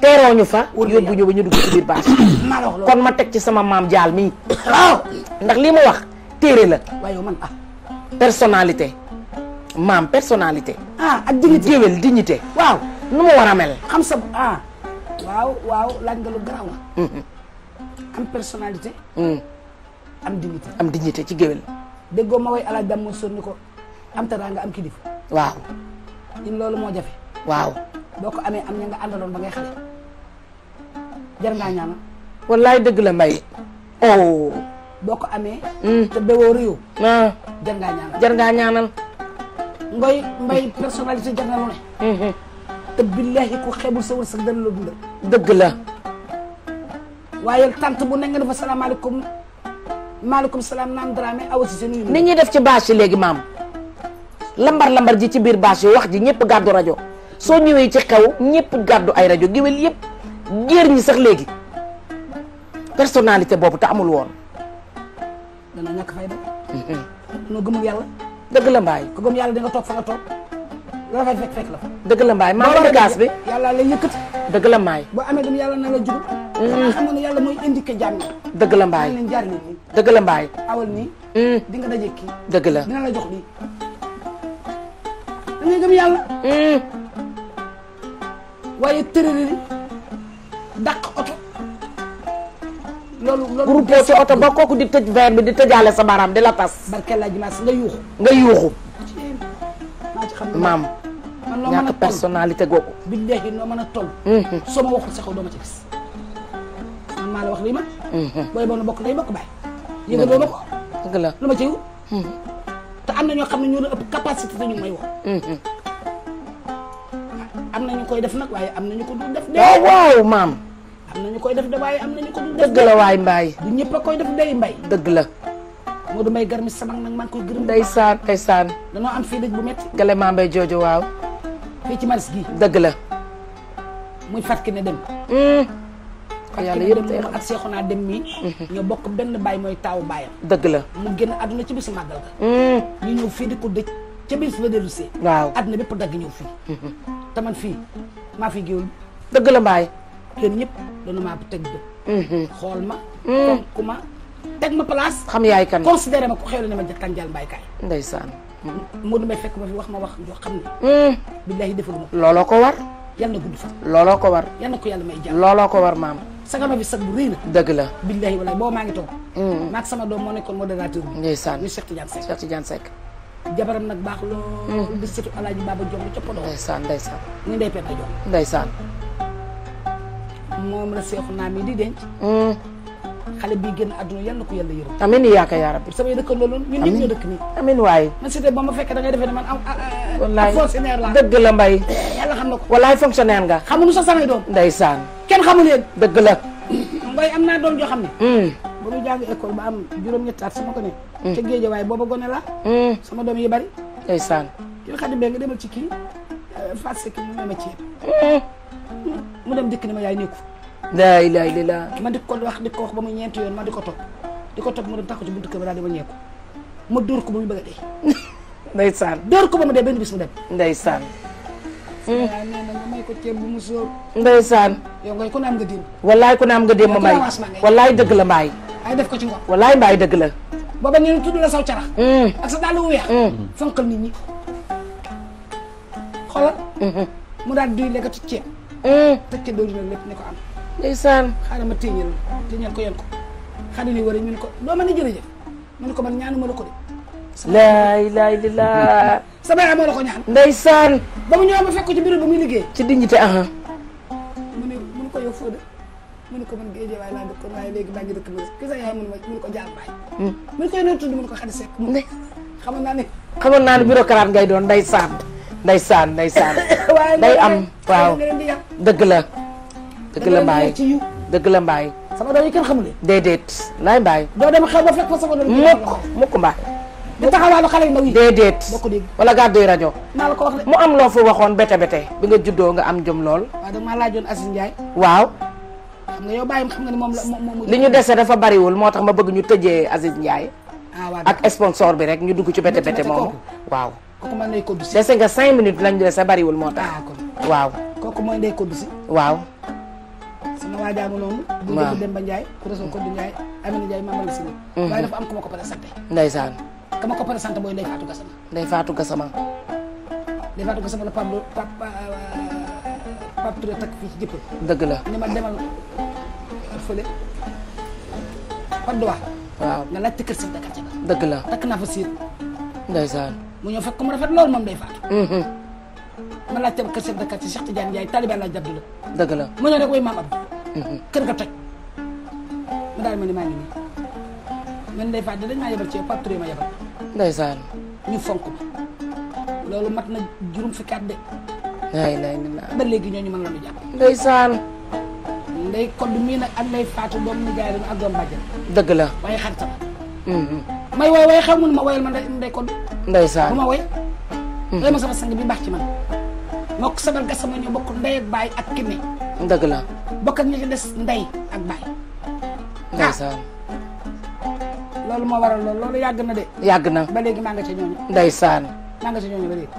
teeroo ñu fa yóbbu ñu ba ñu dugg ci biir bâche kon ma teg ci sama maam jaal mii waaw ndax lii mu wax téere la waaye man ah personnalité maam personnalité ah ak a mel xam sa ah. waaw waaw laaj nga lu garaaw mm-hmm. am personnalité mm. am dignité ci géwél déggoo ma way alaaj dam moo sonni ko am teraanga am kilifa waaw ñun loolu moo jafe waaw boo ko amee am ña nga àndaloon ba ngay xale jar ngaa ñaanal. wallaay dëgg la mbay. oh. boo ko amee. Mm. te bewoo réew. Ah. jar ngaa ñaanal jar ngaa ñaanal. ngoy mbay personnalité jar na lu ne. Mm-hmm. ku xeebul sa wërsëg dana la dundal. dëgg la. waaye tante bu ne nga dafa salaamaaleykum maaleykum salaam naam Dramé awa si seen nit def ci bâche yi léegi maam lambar lambar ji ci biir bâche yi wax ji ñëpp gàddu rajo soo ñëwee ci xew ñëpp gàddu ay rajo géwél yëpp. géer ñi sax léegi personnalité boobu te amul woon. dana ñàkk fayda. noo gëmul yàlla. dëgg la mbaay. ku gëm yàlla di nga toog fa nga toog. la fay fekk fekk la fa. dëgg la mbaay maa ngi gaas bi. yàlla lay yëkkati. dëgg mbaay. boo amee dem yàlla na la jug. xanaa xamoon ne yàlla mooy indiqué jàmm dëgg la mbaay leen dëgg la mbaay. awal nii. Mm. di nga daje kii. dëgg la dina la jox gëm yàlla. Mm. waaye tërëri. dàq oto loolu loolu groupé si oto ba kooku di tëj verre bi di tëjaale sa baaraam di la tas barke laa ji maas nga yuuxu nga yuuxu maam ñàkk noo mën a toll mhm. soo ma waxul sa xaw doo ma ci gis man maa la wax lii ma mhm. booy boo nu bokk day bokk baay yëga doo ma ko la lu ma ci wut mhm. te am na ñoo xam ne ñoo la ëpp capacité te ñu may wax am na ñu koy def nag waaye am na ñu ko dul def de ah, waaw maam am nañu koy def de waaye am nañu ko dul def dëgg du ñëpp koy def day mbay dëgg la moo du mbay garmi samag nag maa koy gërëm ndeysaan ndeysaan danoo am fii dëj bu métti gale maa mbay waaw fii ci maris gi dëgg la muy fàtki ne dem hmm. yàlla yërëm te ak naa dem mi mhm. bokk benn baay mooy taawu baayam dëgg la mu génn àdduna ci bisu màggal ga hmm. ñu ñëw fii di ko dëj ca biir su la dellusee waaw àdduna bépp dagg ñëw fii mhm. taman fii maa fi géwul dëgg la mbaay yéen ñëpp dañu maa teg bët. Mhm. xool ma. Mhm. fonk ma teg ma place. xam yaay kan considéré ma ko xew ne ma tànjaal mbay kaay. ndeysaan. Modou Mbaye fekk ma fi wax ma wax joo xam ne. Mhm. billaahi deful ma. looloo ko war. yal na gudd fan. looloo ko war. yal na ko yàlla may jàmm. looloo ko war maam. sagama bi sag bu rëy na. dëgg la. billaahi walaay boo maa ngi toog. maag sama doom moo nekkoon modérateur bi. ndeysaan muy Cheikh Tidiane Seck. Cheikh Tidiane Seck. jabaram nag baax lool. di sëtu Alaaji Baaba Jong ca Podor. ndeysaan ndeysaan. ñu ndey pexe jox. ndeysaan. moom la seexu naa mi di denc hmm. xale bii génn àdduna yal na ku yàlla yërëm amiin yaaka yaa rabbi samay dëkk loolu ñun ñëpp ñoo dëkk nii amiin waaye man cité ba ma fekkee da ngay defee ne man ah, ah, ah, na ko wallaay fonctionnaire nga xamuñu sax samay doom ndeysaan kenn xamu leen dëgg la mbay am naa doom joo ne hmm. ba muy jàng école ba am juróom-ñetti at sama ko ne hmm. ca géej waaye booba gone la sama doom yi bari ndeysaan yow xadi mbay nga demal ci kii euh, Fatou Seck mu ne ma ceeb mu dem dikk ne ma yaay nekku laa ilaaha illallaah ma di ko wax di ko wax ba mu ñeenti yoon ma di ko topp di ko topp mu dem tax ko ci buntu kër ba daal di ma ñeeku ma dóor ko ba mu bëgg a dee. ndeysaan dóor ko ba mu dee benn bis mu dem. ndeysaan. nee na ko ceeb bu mu sóor. ndeysaan. yow ngay ku ne am nga démb. wallaay ku ne am nga démb may wallaay dëgg la mbaay. ay def ko ci ngox. wallaay mbaay dëgg la. booba nee na tudd la saw carax. Mm. ak sa dàll wu weex. Mm. fonkal nit ñi xoolal. Mm-hmm. mu daal di lekk ci ceeb. Mm. teg ca dóor na am. ndeysaan xaaral ma téeñal téeñal ko yoon ko xaaral li war a ñu ne ko doo mën a jërëjëf mu ko man ñaanu ma la ko de. laay laay li laa. sama yaay moo la ko ñaan. ndeysaan. ba mu ñëw ma fekk ci bureau ba muy liggéey. ci dignité aha. mu ko yow Fodé mu ko man géej waaye laa dëkk léegi maa ko jaar baay. Hmm. mu ko yéen a tudd mu ne ko xadi sekk. ndey xamoon naa ne. xamoon naa ne bureaucrate ngay doon ndeysaan. ndeysaan ndeysaan. day am waaw dëgg la dëgg la mbaay ci yiw dëgg la mbaay sama doom yi kenn xamul déedéet laay dem xew ba fekk fa sama doom mukk mukk mbaay di taxawaalu xale yu ndaw yi wala gàdduy rajo la mu am loo fi waxoon bete bete bi nga juddoo nga am jëm lool waaw dama laajoon Aziz Ndiaye waaw xam nga yow bàyyi xam nga ni moom la li ñu dese dafa bariwul moo tax ma bëgg ñu tëjee Aziz Ndiaye ah, ak sponsor bi rek ñu dugg ci bete bete moomu waaw kooku mooy ndey koddu si dese nga cinq minutes lañu dese bariwul moo tax ah, waaw waaw maa jaamu noonu. waaw bu dem ba Ndiaye. ku reso Codé Ndiaye Amina Ndiaye maa ma si moom. waaye dafa am ku ma ko présenté. ndeysaan. ku ma ko présenté mooy Ndeye Fatou Gassama. Ndeye Fatou Gassama. Ndeye Fatou Gassama la euh, dëgg la ni ma demal fële dëgg la takk naa fa siir. ndeysaan. mu ñëw fekk ku mu loolu moom Ndeye Fatou. ma mhm. laajte kër chef de quartier Cheikh Tidiane Ndiaye taliban laa jàpp la. dëgg la mu rek way maam kër ga toj ma daal ma ne maa ngi nii man Ndeye Fatou dañ maa yebal ci Pape Touré ma yebal. ndeysaan. ñu fonk ma loolu mat na juróom fukki at de. waay laay na la ñu jàpp. ndeysaan. ndey kodd mii nag ak Ndeye Fatou doom ni gaay ak doom bàjjen. dëgg la waaye xaritam. Mm-hmm. may way way xew mun ma woyal ma ndey kodd. ndeysaan bu ma mm-hmm. woy. ma sama sang bi baax ci man. moo ko sabal gasama ñoo bokk ndey ak baay ak kinne dëgg la bokk ndey ak baay. ndeysaan ah, moo waral yàgg na de. yàgg na nga ca ñooñu. ndeysaan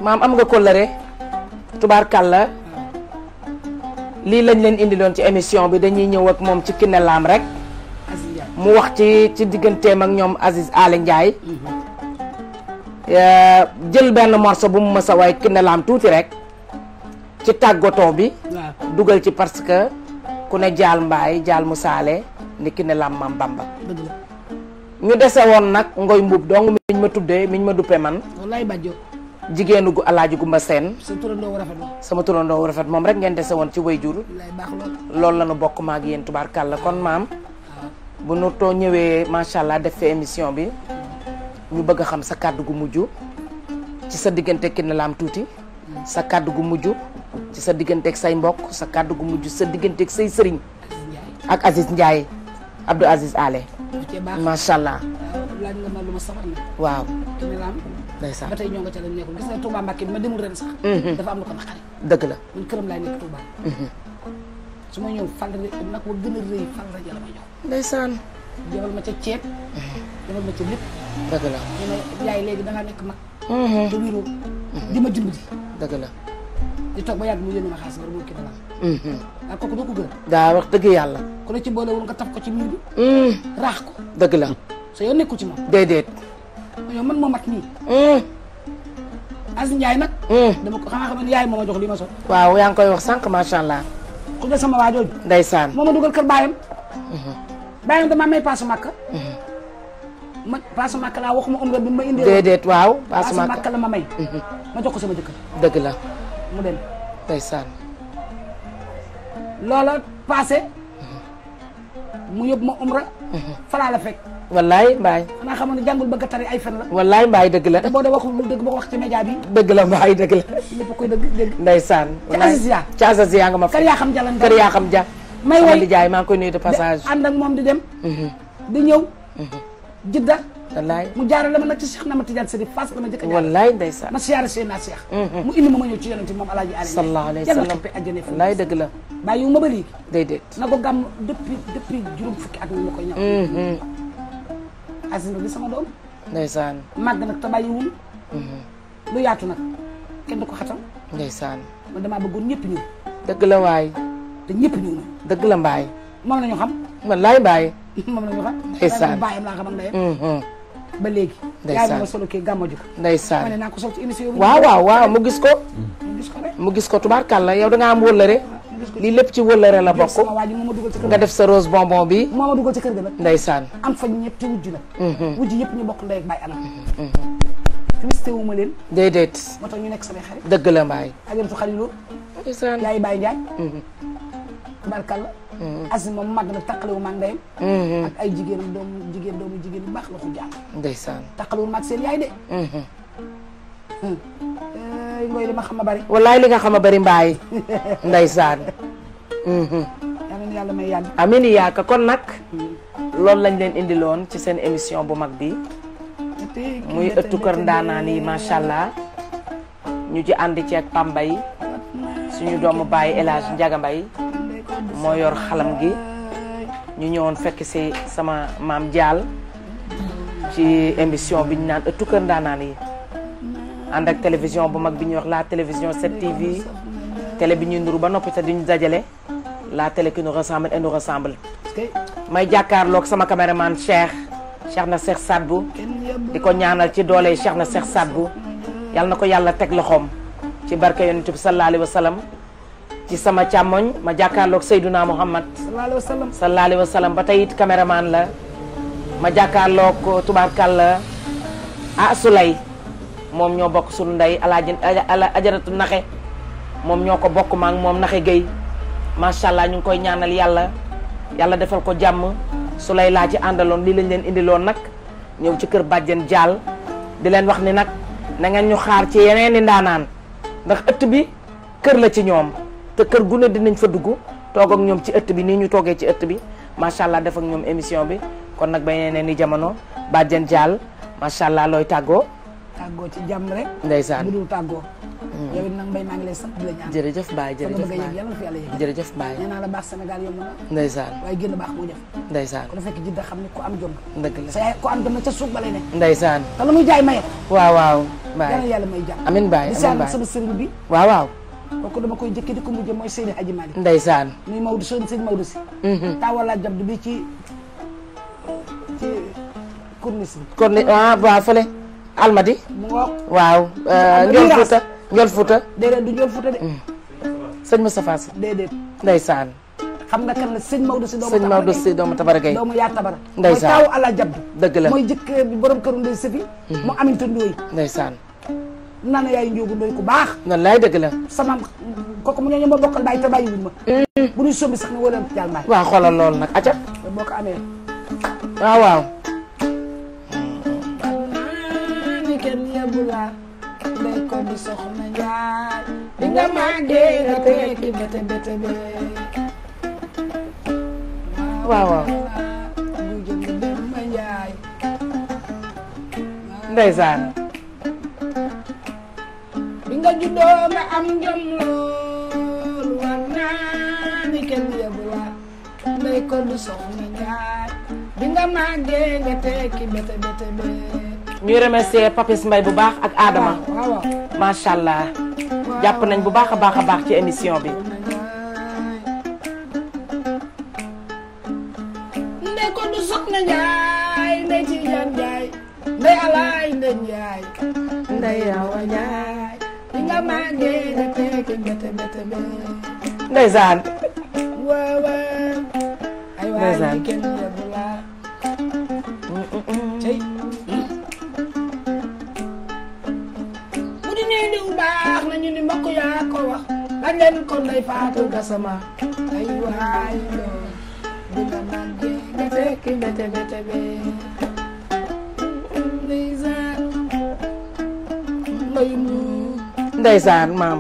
maa ah. lii lañ leen indiloon ci émission bi dañuy ñëw ak moom ci Kiné Lam rek. mu wax ci ci digganteem ak ñoom Aziz Aly Ndiaye. Mhm. Eh, jël benn morceau bu mu mës a way tuuti rek ci tàggatoo bi. dugal ci parce que ku ne jaal mbaay jaal mu ni ki ne làmmam bamba ñu dese woon nag ngoy mbuub dong miñ ma tuddee miñ ma duppe man wallaay bàjjo jigéenu gu alaaji gumba seen sa turandoo rafet sama turandoo rafet moom rek ngeen dese woon ci way jur loolu la nu bokk ma ak yéen tubaarkàlla kon maam bu nu too ñëwee macha allah def fi émission bi ñu bëgg a xam sa kàdd gu mujj ci sa diggante Kiné Lam Tuuti sa kàddu gu mujj ci sa digganteek say mbokk sa kàddu gu mujj sa digganteek say sëriñ ak Aziz Ndiaye Abdou Aziz Ale macha allah laaj nga ma lu ma safar na waaw caméraam ndeysaan ba tey ñoo nga ca lañ nekkoon gis ma demul ren sax mhm. dafa am dëgg la man këram laay nekk Touba mhm. su ma ñëw fal nag wa a rëy fal ma ñëw ndeysaan jabal ma ca mhm. ma ca lépp dëgg la ñu ne dangaa nekk mag di ma dimbali dëgg la di toog ba yàgg mu yónni ma xaalis nga dem kii dara. Mhm. Ah, daa dëgg yàlla. ci boolewul nga taf ko ci mhm. dëgg la. sa ci moom. man moo mat mhm. nag. dama ko xanaa xam ma jox lii ma so. waaw yaa ngi koy wax sànq macha allah. ku ne sama waa jooju. moo ma dugal kër baayam. baayam damaa may paasu màkk. ma paasu màkk laa waxuma umra ma ma ma jox ko sama jëkkër. dëgg la. mu dem ndeysaan loola mu yóbbu ma umra falaa la fekk wallaay mbaay xanaa xamoon ne jàngul bëgg a tari ay fen la wallaay mbaay dëgg la te boo dee waxul lu dëgg boo wax ci média bi dëgg la mbaay dëgg la ñëpp koy dëgg dëgg ndeysaan nga ma kër yaa xam ja lan kër xam ja may woy di jaay maa koy nuyu de passage ànd ak moom di dem mhm. di ñëw mhm. jidda wallaay mu jaarale ma nag ci Cheikh na ma Tidiane Sëriñ Fass la ma jëkk a wallaay ndeysaan ma siyaare seen naa Cheikh mm-hmm. mu indi ma ma ñëw ci yonente moom alaaji ali sallallahu alayhi wa sallam ajjane fa wallaay dëgg la bàyyi ma ba léegi déedéet na ko gàmm depuis depuis juróom fukki at ma koy ñëw mm-hmm. Aziz Ndour di sama doom ndeysaan màgg nag te bàyyiwul mm-hmm. lu yaatu nag kenn du ko xatam ndeysaan man damaa bëggoon ñëpp ñëw dëgg la waay te ñëpp ñëw na dëgg la mbaay moom la ñu xam wallaay mbaay moom la ñu xam ndeysaan bàyyam laa xam ak ndeyam ba léegi. ndeysaan yaay ma solo kii gàmmo ji naa ko sol ci émission bi. waaw waaw waaw mu gis ko. mu gis ko rek mu gis ko yow da ngaa am wóllare. Ah, li lépp ci wóllare la bokk. nga def sa rose bonbon bi. moo ma dugal ci kër ga nag. ndeysaan am fa ñetti wujj nag. Mhm. wujj yëpp ñu bokk ndey ak baay anam. Mhm. félicité ma leen. déedéet. moo tax ñu nekk samay xarit. dëgg la mbaay. ak yéen su xarit loolu. ndeysaan Mm-hmm. Aziz moom màgg na taqaliwu maag ndeyam mm-hmm. ak ay jigéenam doomu jigéen doomu jigéen bu baax la xujaan ndeysaan taqaliwu maag seen yaay de mm-hmm. mm. eh, a bari wallaay li nga xam a bari mbaay ndeysaan amiin yàlla may yàgg amiin yaaka kon nag mm. loolu lañ leen indiloon ci seen émission bu mag bi muy ëttu kër ndaanaan yi macha allah ñu ji ànd ci ak Pambay suñu doomu baay El Hadj Ndiaga Mbaye moo yor xalam gi ñu ñëwoon fekk si sama maam Diall ci émission bi ñu naan ëttu kër ndaanaan yi ànd ak télévision bu mag bi ñuy wax la télévision 7TV télé bi ñu nuru ba noppi te di ñu dajale la télé qui nous ressemble et ressemble. may jàkkaarloog sama caméraman Cheikh Cheikh na Cheikh Sadbou di ko ñaanal ci doole Cheikh na Cheikh Sadbou yàlla na ko yàlla teg loxoom ci barke yonent bi sallallahu alayhi wa ci sama càmmoñ ma jàkkaarloog Seydouna Muhammad sallallahu alayhi wa sallam ba tey it caméraman la ma jàkkaarloog tubaarkàlla ah Souley moom ñoo bokk sunu ndey alaaji ajaratu naxe moom ñoo ko bokk maak moom naxe géy macha ñu ngi koy ñaanal yàlla yàlla defal ko jàmm Souley laa ci àndaloon lii lañ leen indiloon nag ñëw ci kër bàjjen Dial di leen wax ni nag na ngeen ñu xaar ci yeneen ndaanaan ndax ëtt bi kër la ci ñoom te kër gu ne dinañ fa dugg toog ñoom ci ëtt bi nii ñu toogee ci ëtt bi macha allah def ak ñoom émission bi kon nag ba yeneen ni jamono Badiane Dial macha allah looy tàggoo. tàggoo ci jàmm rek. ndeysaan budul tàggoo. Hmm. yow it nag mbay maa ngi lay sant la ñaan. jërëjëf Baye jërëjëf Baye yàlla na fi yàlla yëg jërëjëf Baye nee naa la baax Sénégal yomb waaye génn baax moo def. saan ku la fekk ji jidda xam ne ko am jom. dëgg la sa yaay ku am jom na ba lay ne. ndeysaan te la muy jaay maye. waaw waaw. Baye yàlla yàlla may jàmm. amiin Baye amiin Baye di bi. waaw waaw. kooku dama koy njëkk di ko mujjee mooy Seydi Hadji Malick. ndeysaan muy Maodo mhm. bi ci ci corniche bi. corniche ah waaw fële. almadi. mu ngoog waaw. Euh, du Ndiol de. Mm. sëñ Moustapha Sy. déedéet ndeysaan. xam nga kan la sëñ Maodo si doomu. sëñ Maodo Tabara Gueye doomu taawu ala jabdu. dëgg la mooy jëkk borom këru ndey sëfi. Mm-hmm. mu aminta ndóoy. ndeysaan. naa ne yaay njóogu ndoy ku baax. wallaay dëgg la. sama kooku mu ne ñu ma bokkal bàyyi te bàyyi wuñ ma. Mm. bu ñuy sombi sax ne wala jàll mbaay. waaw xoolal loolu nag acca. boo ko amee. waaw waaw. waaw waaw bu jëm nga juddoo nga am jom lool war naa ni kenn yëbu la ko du soxna jaar bi nga màggee nga tekki bete bete bee ñuy remercier Papis Mbaye bu baax ak Adama macha allah jàpp nañ bu baax a baax a baax ci émission bi ndey ko du soxna njaay ndey ci jan njaay alaay ndey njaay ndey awa njaay màggee da fekk mbete mbete ba. ndeysaan. waaw waaw. ndeysaan aywa kenn yóbbu laa. cey. bu di ñuy diw baax na ñu ni mbokk yaa ko wax. lañ leen ko ndey faatu gasama. aywa aywa. dina màggee da fekk mbete mbete ba. ndeysaan maam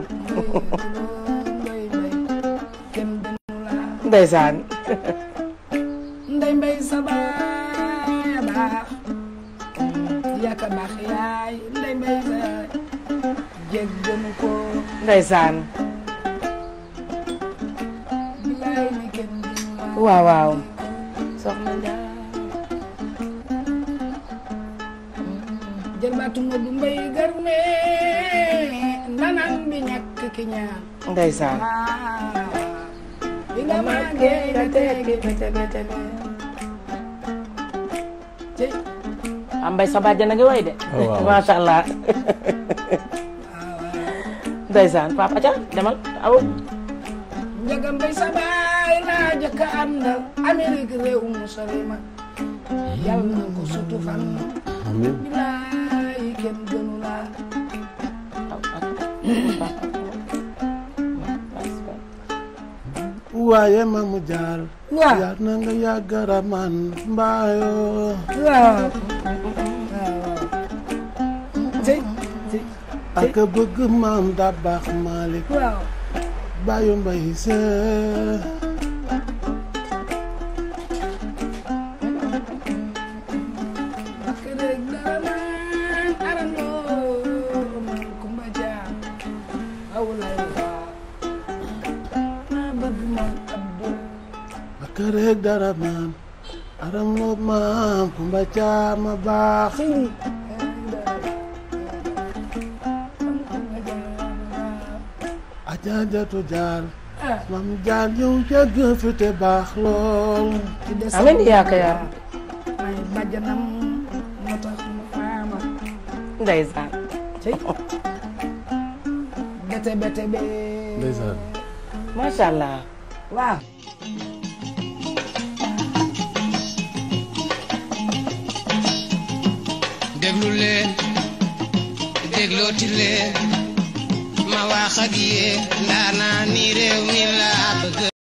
ndeysaan ndey mbay sa baax baax yaay ndey mbay sa jég gënu ko ndeysaan bilaay ni kenn ki ñaan ndeysaan bi nga màggee nga tekki a ngi way de oh, masha allah ndeysaan papa ca demal aw njaga mbay sa baay laa jëkk am na Amérique réew mu ma yàlla na ko fan amiin bilaay kenn gënu waaye ma mu jaar. waaw yar na nga mbaayoo. waaw ak maam da baax Malick. waaw darab aram moob maam kumba caam ma baax ajaajatu jaar mam jaar yow yàgg fi te baax lool amiin yaa ko ay bàjjanam moo mu faama ndeysaan bete bete be ndeysaan déglu leen déglooti leen ma wax ak yéen ndaanaan ni réew mi laa bëgg